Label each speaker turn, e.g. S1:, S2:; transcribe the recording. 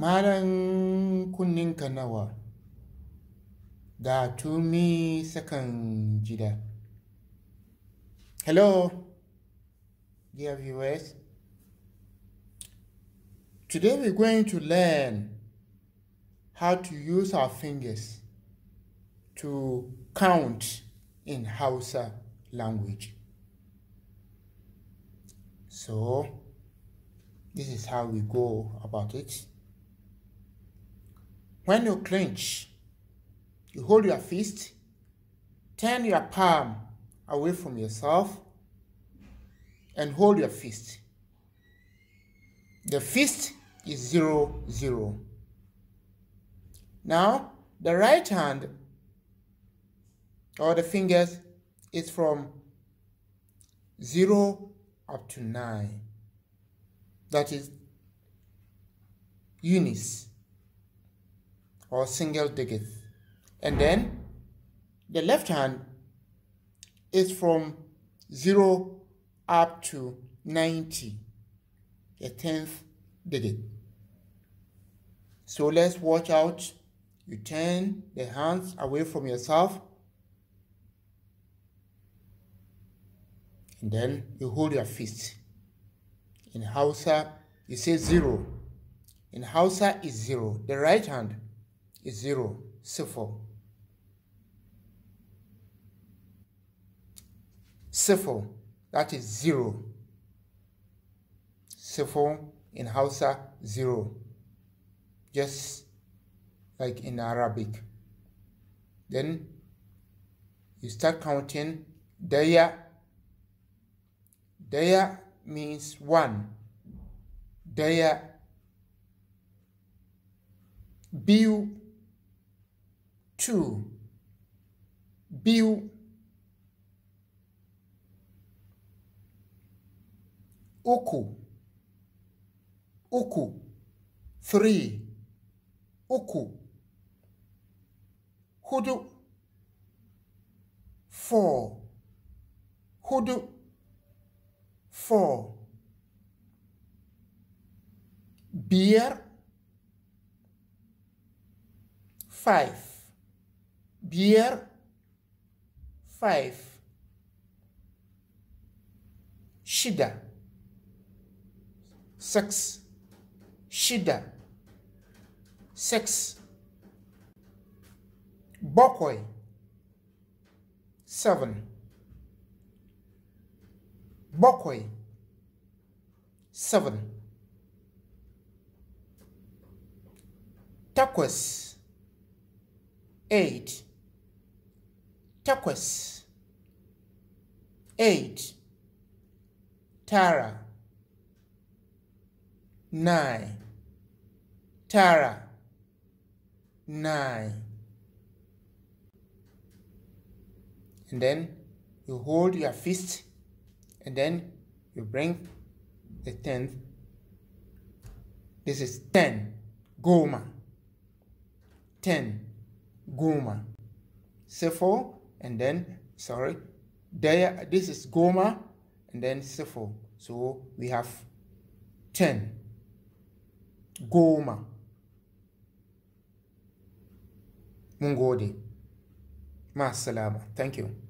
S1: malam kunninka nawa ga tumi sakan jida. hello dear viewers today we're going to learn how to use our fingers to count in Hausa language. So, this is how we go about it. When you clench, you hold your fist, turn your palm away from yourself, and hold your fist. The fist is zero, zero. Now, the right hand or the fingers is from zero up to nine. That is unis or single digits. And then the left hand is from 0 up to 90, the 10th digit. So let's watch out. You turn the hands away from yourself. And then you hold your fist. In Hausa, you say zero. In Hausa is zero, the right hand zero sıfır sıfır that is zero sıfır in Hausa zero just like in Arabic then you start counting daya daya means one daya bill to build Oku. Oku. three Oku. hudu four hudu four beer five beer 5 shida six shida six Bokoy. seven Bokoy. seven takwas eight Turquoise. 8. Tara. 9. Tara. 9. And then you hold your fist and then you bring the 10th. This is 10. Goma. 10. Goma. So for and then, sorry, there, this is Goma, and then Sifo. So we have 10. Goma. Mungodi. Ma Thank you.